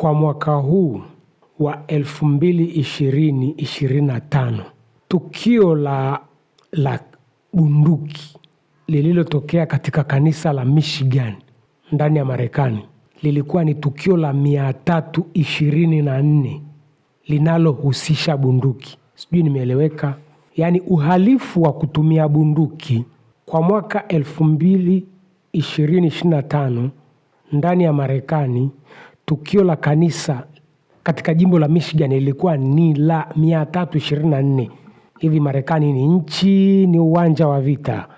Kwa mwaka huu wa 2225 2025 tukio la, la bunduki lililotokea katika kanisa la Michigan ndani ya Marekani lilikuwa ni tukio la 324 linalohusisha bunduki. Sijui nimeeleweka? Yaani uhalifu wa kutumia bunduki kwa mwaka 2225 2025 ndani ya Marekani tukio la kanisa katika jimbo la Michigan ilikuwa ni la 324. Hivi Marekani ni nchi, ni uwanja wa vita.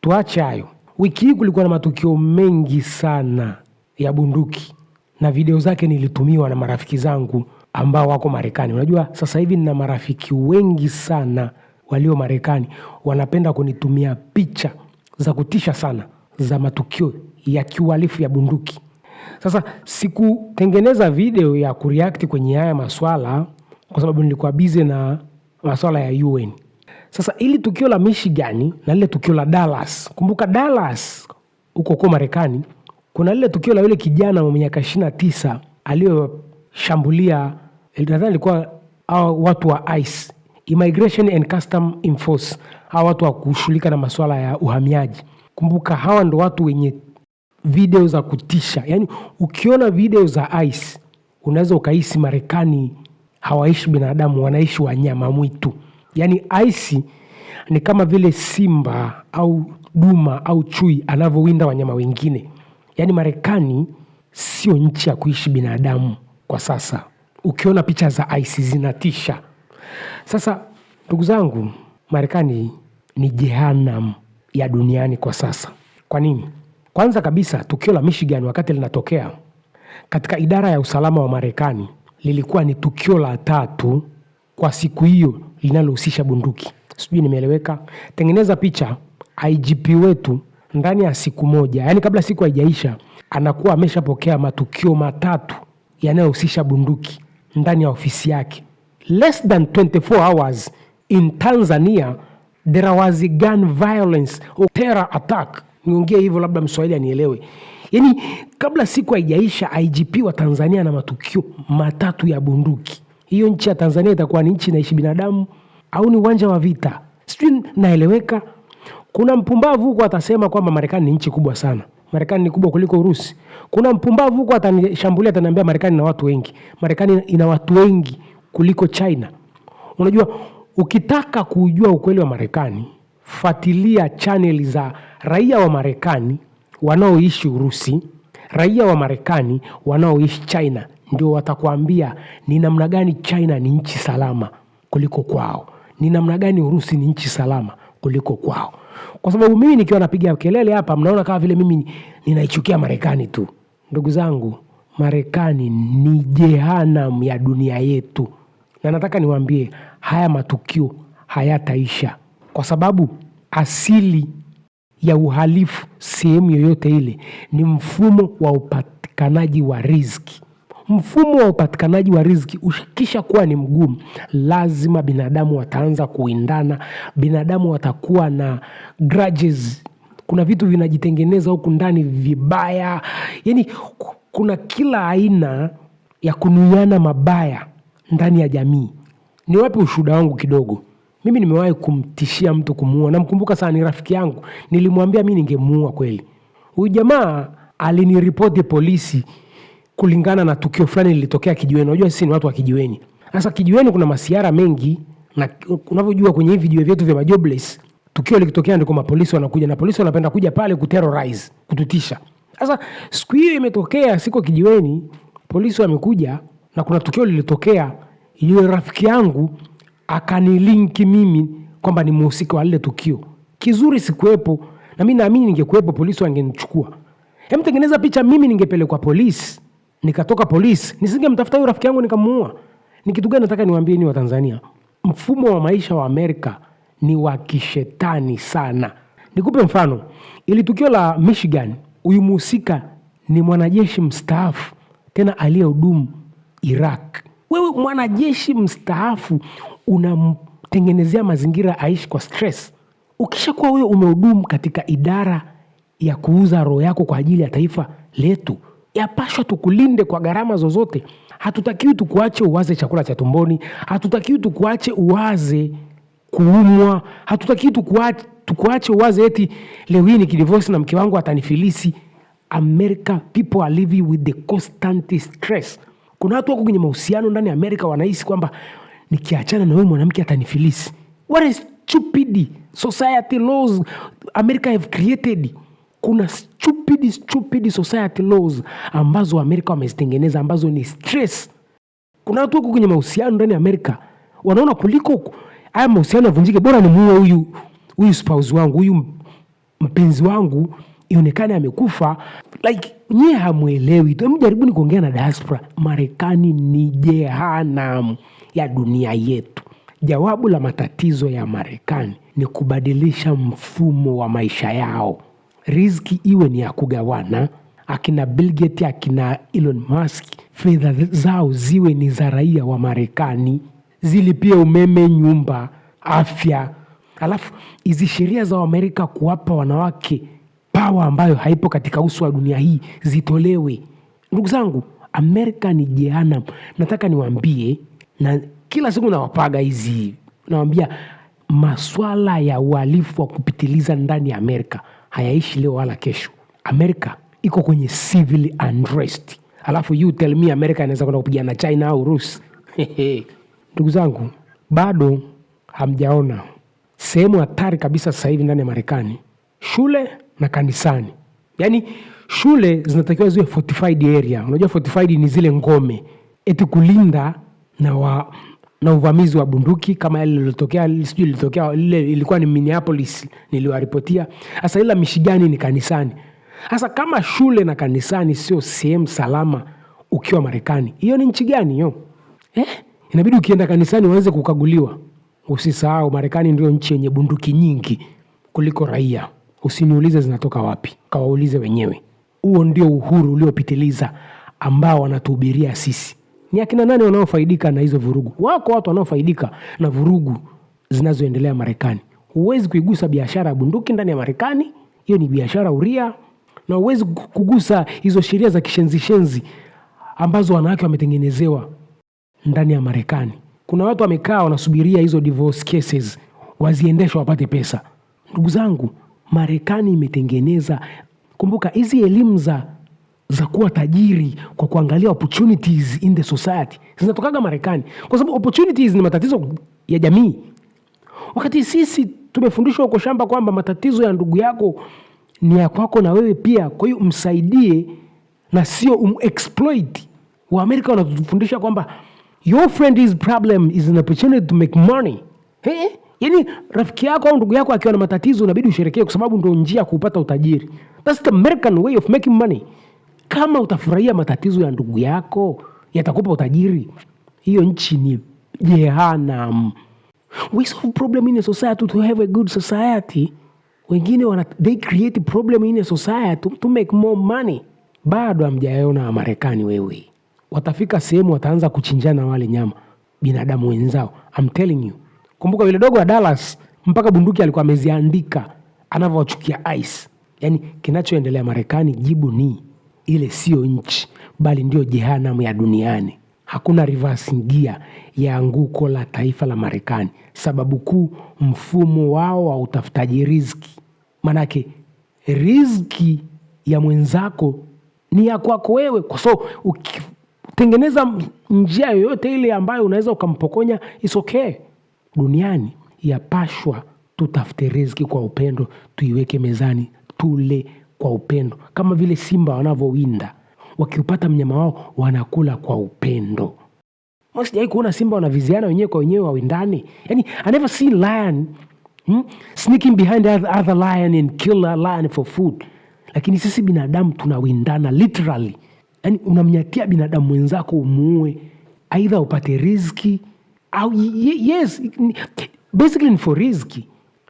Tuache hayo. Wiki hii kulikuwa na matukio mengi sana ya bunduki na video zake nilitumiwa na marafiki zangu ambao wako Marekani. Unajua sasa hivi nina marafiki wengi sana walio Marekani, wanapenda kunitumia picha za kutisha sana za matukio ya kiuhalifu ya bunduki. Sasa sikutengeneza video ya kureact kwenye haya maswala kwa sababu nilikuwa busy na maswala ya UN. Sasa ili tukio la Michigan na lile tukio la Dallas. Kumbuka Dallas huko huko Marekani kuna lile tukio la yule kijana wa miaka ishirini tisa aliyoshambulia nadhani au watu wa ICE, Immigration and Custom Enforce, au watu wa kushughulika na masuala ya uhamiaji. Kumbuka hawa ndo watu wenye video za kutisha. Yani ukiona video za ICE unaweza ukahisi Marekani hawaishi binadamu, wanaishi wanyama mwitu. Yani ICE ni kama vile simba au duma au chui anavyowinda wanyama wengine. yaani Marekani sio nchi ya kuishi binadamu kwa sasa. Ukiona picha za ICE zinatisha. Sasa ndugu zangu, Marekani ni jehanamu ya duniani kwa sasa. Kwa nini? Kwanza kabisa tukio la Michigan wakati linatokea katika idara ya usalama wa Marekani lilikuwa ni tukio la tatu kwa siku hiyo linalohusisha bunduki. Sijui nimeeleweka? Tengeneza picha, IGP wetu ndani ya siku moja, yaani kabla siku haijaisha, anakuwa ameshapokea matukio matatu yanayohusisha bunduki ndani ya ofisi yake. Less than 24 hours in Tanzania there was a gun violence or terror attack niongee hivyo, labda mswahili anielewe. Yaani kabla siku haijaisha, IGP wa Tanzania na matukio matatu ya bunduki, hiyo nchi ya Tanzania itakuwa ni nchi inaishi binadamu au ni uwanja wa vita? Sijui naeleweka. Kuna mpumbavu huko atasema kwamba Marekani ni nchi kubwa sana, Marekani ni kubwa kuliko Urusi. Kuna mpumbavu huko atanishambulia, ataniambia Marekani na watu wengi, Marekani ina watu wengi kuliko China. Unajua, ukitaka kujua ukweli wa Marekani kufuatilia chaneli za raia wa Marekani wanaoishi Urusi, raia wa Marekani wanaoishi China, ndio watakwambia ni namna gani China ni nchi salama kuliko kwao, ni namna gani Urusi ni nchi salama kuliko kwao. Kwa sababu mimi nikiwa napiga kelele hapa, mnaona kama vile mimi ninaichukia Marekani tu. Ndugu zangu, Marekani ni jehanamu ya dunia yetu, na nataka niwaambie haya matukio hayataisha kwa sababu asili ya uhalifu sehemu yoyote ile ni mfumo wa upatikanaji wa riziki. Mfumo wa upatikanaji wa riziki ushikisha kuwa ni mgumu, lazima binadamu wataanza kuindana, binadamu watakuwa na grudges. Kuna vitu vinajitengeneza huku ndani vibaya, yani kuna kila aina ya kunuiana mabaya ndani ya jamii. ni wapi ushuhuda wangu kidogo. Mimi nimewahi kumtishia mtu kumuua, namkumbuka sana, ni rafiki yangu, nilimwambia mi ningemuua kweli. Huyu jamaa aliniripoti polisi kulingana na tukio fulani lilitokea kijiweni. Unajua sisi ni watu wa kijiweni. Sasa kijiweni kuna masiara mengi, na unavyojua kwenye hivi jue vyetu vya majobless, tukio likitokea ndiko mapolisi wanakuja, na polisi wanapenda kuja pale kuterrorize, kututisha. Sasa siku hiyo imetokea, siko kijiweni, polisi wamekuja na kuna tukio lilitokea, yule rafiki yangu akanilinki mimi kwamba ni mhusika wa lile tukio. Kizuri sikuwepo, na mi naamini ningekuwepo polisi wangenichukua. Hem, tengeneza picha, mimi ningepelekwa polisi, nikatoka polisi, nisingemtafuta huyo rafiki yangu nikamuua. Ni kitu gani nataka niwaambie ni Watanzania, mfumo wa maisha wa Amerika ni wa kishetani sana. Nikupe mfano, ili tukio la Michigan, huyu mhusika ni mwanajeshi mstaafu tena aliyehudumu Iraq. Wewe mwanajeshi mstaafu unamtengenezea mazingira aishi kwa stress. Ukishakuwa wewe umehudumu katika idara ya kuuza roho yako kwa ajili ya taifa letu, yapashwa tukulinde kwa gharama zozote. Hatutakiwi tukuache uwaze chakula cha tumboni, hatutakiwi tukuache uwaze kuumwa, hatutakiwi tukuache, uwaze eti leo hii kidivosi na mke wangu atanifilisi. America people are living with the constant stress. Kuna watu wako kwenye mahusiano ndani ya Amerika wanahisi kwamba nikiachana na wewe mwanamke atanifilisi. What is stupid society laws America have created? Kuna stupid, stupid society laws ambazo Amerika wamezitengeneza ambazo ni stress. Kuna watu wako kwenye mahusiano ndani ya Amerika wanaona kuliko haya mahusiano yavunjike, bora ni muue huyu huyu spouse wangu huyu mpenzi wangu ionekane amekufa like nyie hamwelewi tu. Mjaribuni kuongea na diaspora. Marekani ni jehanam ya dunia yetu. Jawabu la matatizo ya Marekani ni kubadilisha mfumo wa maisha yao, riski iwe ni ya kugawana. Akina bilget akina Elon Musk, fedha zao ziwe ni za raia wa Marekani, zilipie umeme, nyumba, afya. Alafu hizi sheria za Amerika kuwapa wanawake pawa ambayo haipo katika uso wa dunia hii zitolewe. Ndugu zangu, Amerika ni jehanamu. Nataka niwaambie, na kila siku nawapaga hizi, nawambia maswala ya uhalifu wa kupitiliza ndani ya Amerika hayaishi leo wala kesho. Amerika iko kwenye civil unrest, alafu you tell me Amerika inaweza kwenda kupigana na China au rus Ndugu zangu, bado hamjaona sehemu hatari kabisa sasa hivi ndani ya Marekani. Shule na kanisani. Yaani shule zinatakiwa ziwe fortified area. Unajua fortified ni zile ngome eti kulinda na wa, na uvamizi wa bunduki kama ile lilotokea sijui lilitokea ile ilikuwa ni Minneapolis niliwaripotia. Sasa ila mishigani ni kanisani. Sasa kama shule na kanisani sio sehemu salama ukiwa Marekani, hiyo ni nchi gani hiyo? Eh? Inabidi ukienda kanisani uanze kukaguliwa. Usisahau Marekani ndio nchi yenye bunduki nyingi kuliko raia. Usiniulize zinatoka wapi, kawaulize wenyewe. Huo ndio uhuru uliopitiliza ambao wanatuhubiria sisi. Ni akina nani wanaofaidika na hizo vurugu? Wako watu wanaofaidika na vurugu zinazoendelea Marekani. Huwezi kuigusa biashara ya bunduki ndani ya Marekani, hiyo ni biashara uria na huwezi kugusa hizo sheria za kishenzishenzi ambazo wanawake wametengenezewa ndani ya Marekani. Kuna watu wamekaa wanasubiria hizo divorce cases waziendeshwa wapate pesa. Ndugu zangu, Marekani imetengeneza, kumbuka hizi elimu za za kuwa tajiri kwa kuangalia opportunities in the society zinatokaga Marekani, kwa sababu opportunities ni matatizo ya jamii, wakati sisi tumefundishwa huko shamba kwamba matatizo ya ndugu yako ni ya kwako na wewe pia. Kwa hiyo msaidie na sio umexploit. amerika wanatufundisha kwamba your friend's problem is an opportunity to make money. Hey? Yaani rafiki yako au ndugu yako akiwa na matatizo inabidi usherekee kwa sababu ndio njia ya kupata utajiri. That's the American way of making money. Kama utafurahia matatizo ya ndugu yako yatakupa utajiri, hiyo nchi ni jehanamu. We solve problem in a society to have a good society. Wengine wana, they create problem in a society to make more money. Bado hamjaona Marekani wewe, watafika sehemu wataanza kuchinjana wale nyama binadamu wenzao. I'm telling you. Kumbuka yule dogo wa Dallas mpaka bunduki alikuwa ameziandika anavyowachukia ICE. yani kinachoendelea Marekani, jibu ni ile siyo nchi bali ndiyo jehanamu ya duniani. Hakuna reverse gear ya anguko la taifa la Marekani. Sababu kuu, mfumo wao wa utafutaji riziki. Manake riziki ya mwenzako ni ya kwako wewe, so ukitengeneza njia yoyote ile ambayo unaweza ukampokonya, is okay duniani yapashwa tutafute riski kwa upendo, tuiweke mezani, tule kwa upendo. Kama vile simba wanavyowinda wakiupata mnyama wao wanakula kwa upendo. Wewe kuona simba wanaviziana wenyewe kwa wenyewe wawindane? yani, I never see lion hmm, sneaking behind other lion and kill a lion for food. Lakini sisi binadamu tunawindana literally. yani unamnyatia binadamu mwenzako umuue, aidha upate riziki yes, basically ni for riski,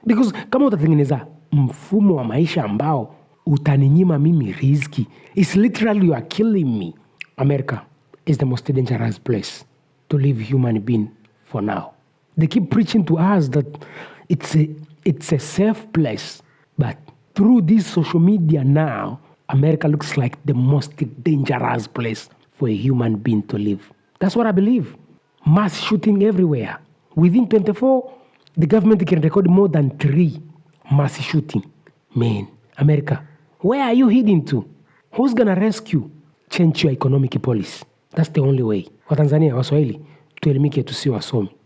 because kama utatengeneza mfumo wa maisha ambao utaninyima mimi riski, it's literally you are killing me. America is the most dangerous place to live human being for now. They keep preaching to us that it's a, it's a safe place, but through this social media now, America looks like the most dangerous place for a human being to live. That's what I believe mass shooting everywhere. Within 24, the government can record more than three mass shooting. Man, America, where are you heading to? Who's gonna rescue? Change your economic policy. That's the only way. Watanzania, Waswahili, tuelimike tusiwe wasomi.